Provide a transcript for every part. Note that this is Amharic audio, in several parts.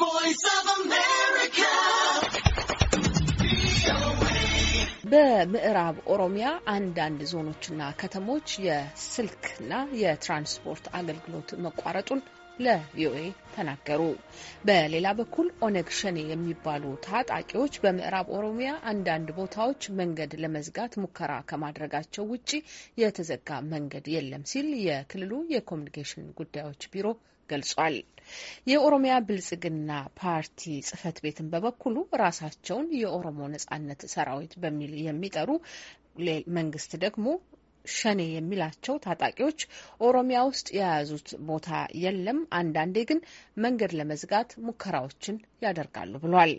voice በምዕራብ ኦሮሚያ አንዳንድ ዞኖችና ከተሞች የስልክና የትራንስፖርት አገልግሎት መቋረጡን ለቪኦኤ ተናገሩ። በሌላ በኩል ኦነግ ሸኔ የሚባሉ ታጣቂዎች በምዕራብ ኦሮሚያ አንዳንድ ቦታዎች መንገድ ለመዝጋት ሙከራ ከማድረጋቸው ውጪ የተዘጋ መንገድ የለም ሲል የክልሉ የኮሚኒኬሽን ጉዳዮች ቢሮ ገልጿል። የኦሮሚያ ብልጽግና ፓርቲ ጽህፈት ቤትን በበኩሉ ራሳቸውን የኦሮሞ ነጻነት ሰራዊት በሚል የሚጠሩ መንግስት ደግሞ ሸኔ የሚላቸው ታጣቂዎች ኦሮሚያ ውስጥ የያዙት ቦታ የለም፣ አንዳንዴ ግን መንገድ ለመዝጋት ሙከራዎችን ያደርጋሉ ብሏል።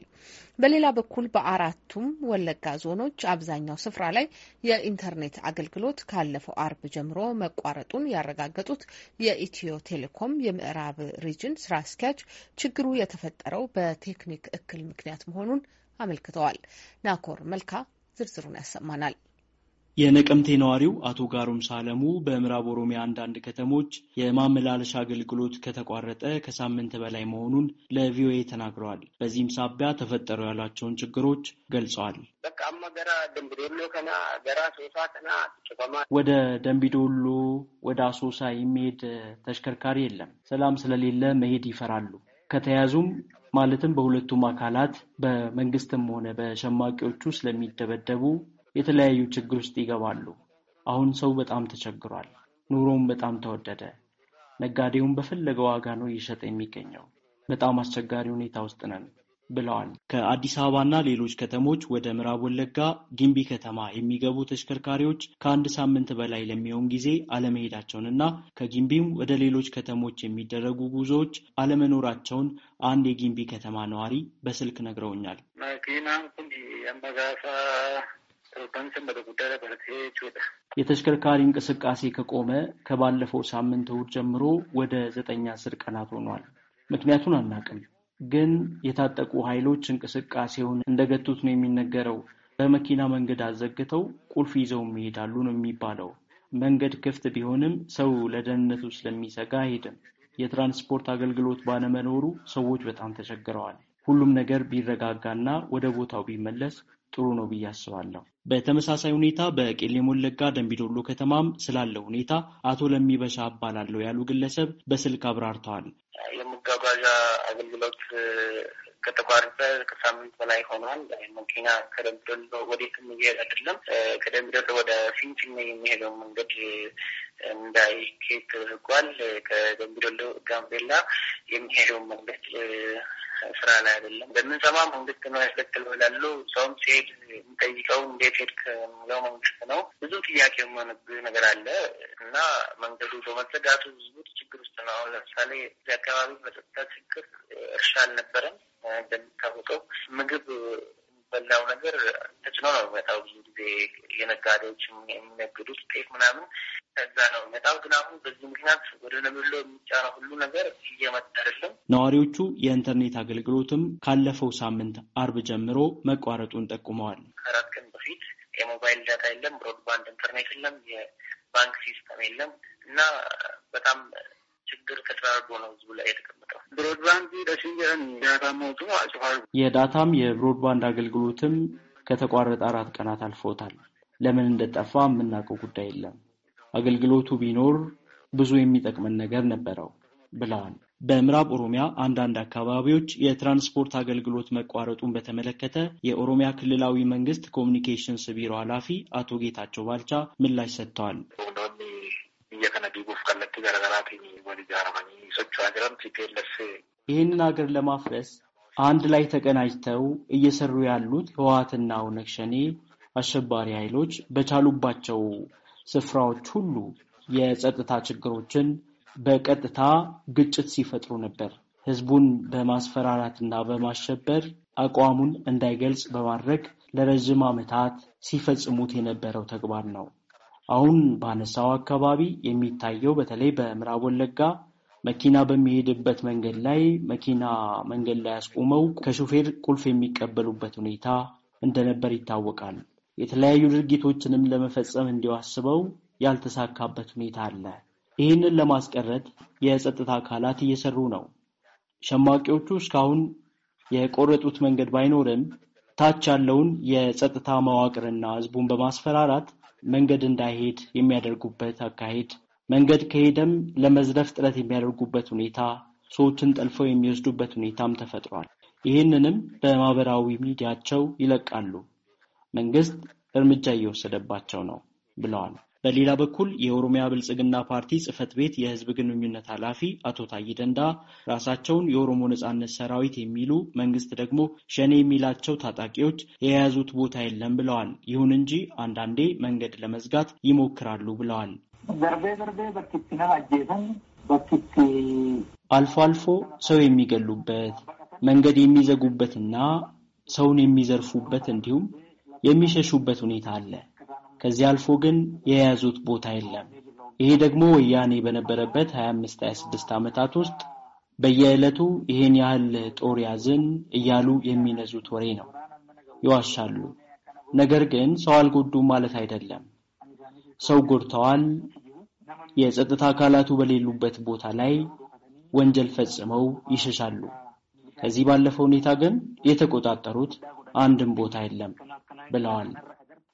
በሌላ በኩል በአራቱም ወለጋ ዞኖች አብዛኛው ስፍራ ላይ የኢንተርኔት አገልግሎት ካለፈው አርብ ጀምሮ መቋረጡን ያረጋገጡት የኢትዮ ቴሌኮም የምዕራብ ሪጅን ስራ አስኪያጅ ችግሩ የተፈጠረው በቴክኒክ እክል ምክንያት መሆኑን አመልክተዋል። ናኮር መልካ ዝርዝሩን ያሰማናል። የነቀምቴ ነዋሪው አቶ ጋሩም ሳለሙ በምዕራብ ኦሮሚያ አንዳንድ ከተሞች የማመላለሻ አገልግሎት ከተቋረጠ ከሳምንት በላይ መሆኑን ለቪኦኤ ተናግረዋል። በዚህም ሳቢያ ተፈጠሩ ያሏቸውን ችግሮች ገልጸዋል። ወደ ደንቢዶሎ፣ ወደ አሶሳ የሚሄድ ተሽከርካሪ የለም። ሰላም ስለሌለ መሄድ ይፈራሉ። ከተያዙም ማለትም በሁለቱም አካላት በመንግስትም ሆነ በሸማቂዎቹ ስለሚደበደቡ የተለያዩ ችግር ውስጥ ይገባሉ። አሁን ሰው በጣም ተቸግሯል። ኑሮውም በጣም ተወደደ። ነጋዴውም በፈለገ ዋጋ ነው እየሸጠ የሚገኘው። በጣም አስቸጋሪ ሁኔታ ውስጥ ነን ብለዋል። ከአዲስ አበባና ሌሎች ከተሞች ወደ ምዕራብ ወለጋ ጊምቢ ከተማ የሚገቡ ተሽከርካሪዎች ከአንድ ሳምንት በላይ ለሚሆን ጊዜ አለመሄዳቸውንና ከጊምቢም ወደ ሌሎች ከተሞች የሚደረጉ ጉዞዎች አለመኖራቸውን አንድ የጊምቢ ከተማ ነዋሪ በስልክ ነግረውኛል። የተሽከርካሪ እንቅስቃሴ ከቆመ ከባለፈው ሳምንት እሑድ ጀምሮ ወደ ዘጠኝ አስር ቀናት ሆኗል። ምክንያቱን አናውቅም፣ ግን የታጠቁ ኃይሎች እንቅስቃሴውን እንደገቱት ነው የሚነገረው። በመኪና መንገድ አዘግተው ቁልፍ ይዘውም ይሄዳሉ ነው የሚባለው። መንገድ ክፍት ቢሆንም ሰው ለደህንነቱ ስለሚሰጋ አይሄድም። የትራንስፖርት አገልግሎት ባለመኖሩ ሰዎች በጣም ተቸግረዋል። ሁሉም ነገር ቢረጋጋና ወደ ቦታው ቢመለስ ጥሩ ነው ብዬ አስባለሁ። በተመሳሳይ ሁኔታ በቄሌም ወለጋ ደንቢዶሎ ከተማም ስላለው ሁኔታ አቶ ለሚበሻ አባላለሁ ያሉ ግለሰብ በስልክ አብራርተዋል። የመጓጓዣ አገልግሎት ከተቋረጠ ከሳምንት በላይ ሆኗል። መኪና ከደንቢዶሎ ወዴትም እየሄድ አይደለም። ከደንቢዶሎ ወደ ፊንፊኔ የሚሄደው መንገድ እንዳይኬድ ተደርጓል። ከደንቢዶሎ ጋምቤላ የሚሄደው መንገድ ስራ ላይ አይደለም። በምንሰማ መንግስት ነው ያስከትለው ብላሉ። ሰውም ሲሄድ የሚጠይቀው እንዴት ሄድክ የሚለው መንግስት ነው። ብዙ ጥያቄ የሆነብ ነገር አለ እና መንገዱ በመዘጋቱ ህዝቡ ችግር ውስጥ ነው። አሁን ለምሳሌ እዚህ አካባቢ በጸጥታ ችግር እርሻ አልነበረም። እንደሚታወቀው ምግብ የሚበላው ነገር ተጭኖ ነው የሚመጣው። ብዙ ጊዜ የነጋዴዎች የሚነግዱት ጤፍ ምናምን ከዛ ነው በጣም ግን አሁን በዚህ ምክንያት ወደ ነምሎ የሚጫነው ሁሉ ነገር እየመጣ አይደለም። ነዋሪዎቹ የኢንተርኔት አገልግሎትም ካለፈው ሳምንት አርብ ጀምሮ መቋረጡን ጠቁመዋል። ከአራት ቀን በፊት የሞባይል ዳታ የለም፣ ብሮድባንድ ኢንተርኔት የለም፣ የባንክ ሲስተም የለም እና በጣም ችግር ተደራርቦ ነው ህዝቡ ላይ የተቀመጠው። ብሮድባንድ ዳታ መውጡ የዳታም የብሮድባንድ አገልግሎትም ከተቋረጠ አራት ቀናት አልፎታል። ለምን እንደጠፋ የምናውቀው ጉዳይ የለም። አገልግሎቱ ቢኖር ብዙ የሚጠቅመን ነገር ነበረው ብለዋል። በምዕራብ ኦሮሚያ አንዳንድ አካባቢዎች የትራንስፖርት አገልግሎት መቋረጡን በተመለከተ የኦሮሚያ ክልላዊ መንግስት ኮሚኒኬሽንስ ቢሮ ኃላፊ አቶ ጌታቸው ባልቻ ምላሽ ሰጥተዋል። ይህንን ሀገር ለማፍረስ አንድ ላይ ተቀናጅተው እየሰሩ ያሉት ህወሓትና ኦነግ ሸኔ አሸባሪ ኃይሎች በቻሉባቸው ስፍራዎች ሁሉ የጸጥታ ችግሮችን በቀጥታ ግጭት ሲፈጥሩ ነበር። ህዝቡን በማስፈራራትና በማሸበር አቋሙን እንዳይገልጽ በማድረግ ለረዥም ዓመታት ሲፈጽሙት የነበረው ተግባር ነው። አሁን በአነሳው አካባቢ የሚታየው በተለይ በምዕራብ ወለጋ መኪና በሚሄድበት መንገድ ላይ መኪና መንገድ ላይ አስቁመው ከሹፌር ቁልፍ የሚቀበሉበት ሁኔታ እንደነበር ይታወቃል። የተለያዩ ድርጊቶችንም ለመፈጸም እንዲዋስበው ያልተሳካበት ሁኔታ አለ። ይህንን ለማስቀረት የጸጥታ አካላት እየሰሩ ነው። ሸማቂዎቹ እስካሁን የቆረጡት መንገድ ባይኖርም ታች ያለውን የጸጥታ መዋቅርና ሕዝቡን በማስፈራራት መንገድ እንዳይሄድ የሚያደርጉበት አካሄድ፣ መንገድ ከሄደም ለመዝረፍ ጥረት የሚያደርጉበት ሁኔታ፣ ሰዎችን ጠልፈው የሚወስዱበት ሁኔታም ተፈጥሯል። ይህንንም በማህበራዊ ሚዲያቸው ይለቃሉ። መንግስት እርምጃ እየወሰደባቸው ነው ብለዋል። በሌላ በኩል የኦሮሚያ ብልጽግና ፓርቲ ጽህፈት ቤት የህዝብ ግንኙነት ኃላፊ አቶ ታዬ ደንዳ ራሳቸውን የኦሮሞ ነጻነት ሰራዊት የሚሉ መንግስት ደግሞ ሸኔ የሚላቸው ታጣቂዎች የያዙት ቦታ የለም ብለዋል። ይሁን እንጂ አንዳንዴ መንገድ ለመዝጋት ይሞክራሉ ብለዋል። አልፎ አልፎ ሰው የሚገሉበት መንገድ የሚዘጉበትና ሰውን የሚዘርፉበት እንዲሁም የሚሸሹበት ሁኔታ አለ። ከዚህ አልፎ ግን የያዙት ቦታ የለም። ይሄ ደግሞ ወያኔ በነበረበት 25 26 ዓመታት ውስጥ በየዕለቱ ይሄን ያህል ጦር ያዝን እያሉ የሚነዙት ወሬ ነው። ይዋሻሉ። ነገር ግን ሰው አልጎዱም ማለት አይደለም። ሰው ጎድተዋል። የጸጥታ አካላቱ በሌሉበት ቦታ ላይ ወንጀል ፈጽመው ይሸሻሉ። ከዚህ ባለፈ ሁኔታ ግን የተቆጣጠሩት አንድም ቦታ የለም። belong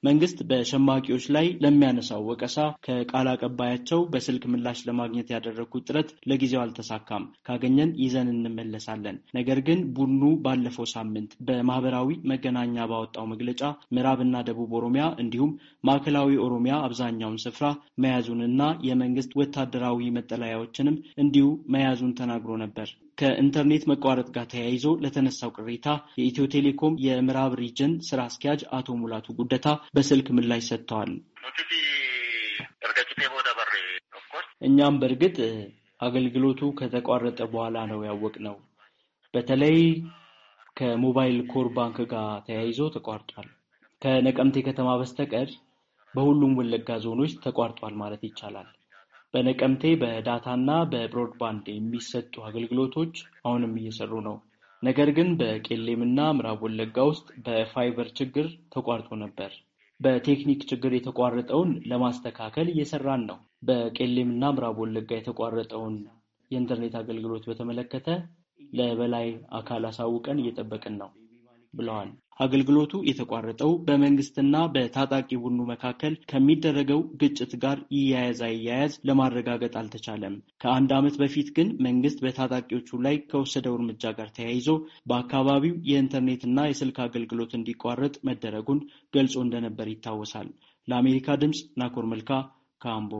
መንግስት በሸማቂዎች ላይ ለሚያነሳው ወቀሳ ከቃል አቀባያቸው በስልክ ምላሽ ለማግኘት ያደረግኩት ጥረት ለጊዜው አልተሳካም። ካገኘን ይዘን እንመለሳለን። ነገር ግን ቡድኑ ባለፈው ሳምንት በማህበራዊ መገናኛ ባወጣው መግለጫ ምዕራብና ደቡብ ኦሮሚያ እንዲሁም ማዕከላዊ ኦሮሚያ አብዛኛውን ስፍራ መያዙንና የመንግስት ወታደራዊ መጠለያዎችንም እንዲሁ መያዙን ተናግሮ ነበር። ከኢንተርኔት መቋረጥ ጋር ተያይዞ ለተነሳው ቅሬታ የኢትዮ ቴሌኮም የምዕራብ ሪጅን ስራ አስኪያጅ አቶ ሙላቱ ጉደታ በስልክ ምላሽ ሰጥተዋል። እኛም በእርግጥ አገልግሎቱ ከተቋረጠ በኋላ ነው ያወቅነው። በተለይ ከሞባይል ኮር ባንክ ጋር ተያይዞ ተቋርጧል። ከነቀምቴ ከተማ በስተቀር በሁሉም ወለጋ ዞኖች ተቋርጧል ማለት ይቻላል። በነቀምቴ በዳታና በብሮድባንድ የሚሰጡ አገልግሎቶች አሁንም እየሰሩ ነው። ነገር ግን በቄሌምና ምዕራብ ወለጋ ውስጥ በፋይበር ችግር ተቋርጦ ነበር። በቴክኒክ ችግር የተቋረጠውን ለማስተካከል እየሰራን ነው። በቄሌምና ምዕራብ ወለጋ የተቋረጠውን የኢንተርኔት አገልግሎት በተመለከተ ለበላይ አካል አሳውቀን እየጠበቅን ነው። ብለዋል። አገልግሎቱ የተቋረጠው በመንግስትና በታጣቂ ቡድኑ መካከል ከሚደረገው ግጭት ጋር ይያያዝ አይያያዝ ለማረጋገጥ አልተቻለም። ከአንድ ዓመት በፊት ግን መንግስት በታጣቂዎቹ ላይ ከወሰደው እርምጃ ጋር ተያይዞ በአካባቢው የኢንተርኔትና የስልክ አገልግሎት እንዲቋረጥ መደረጉን ገልጾ እንደነበር ይታወሳል። ለአሜሪካ ድምፅ ናኮር መልካ ካምቦ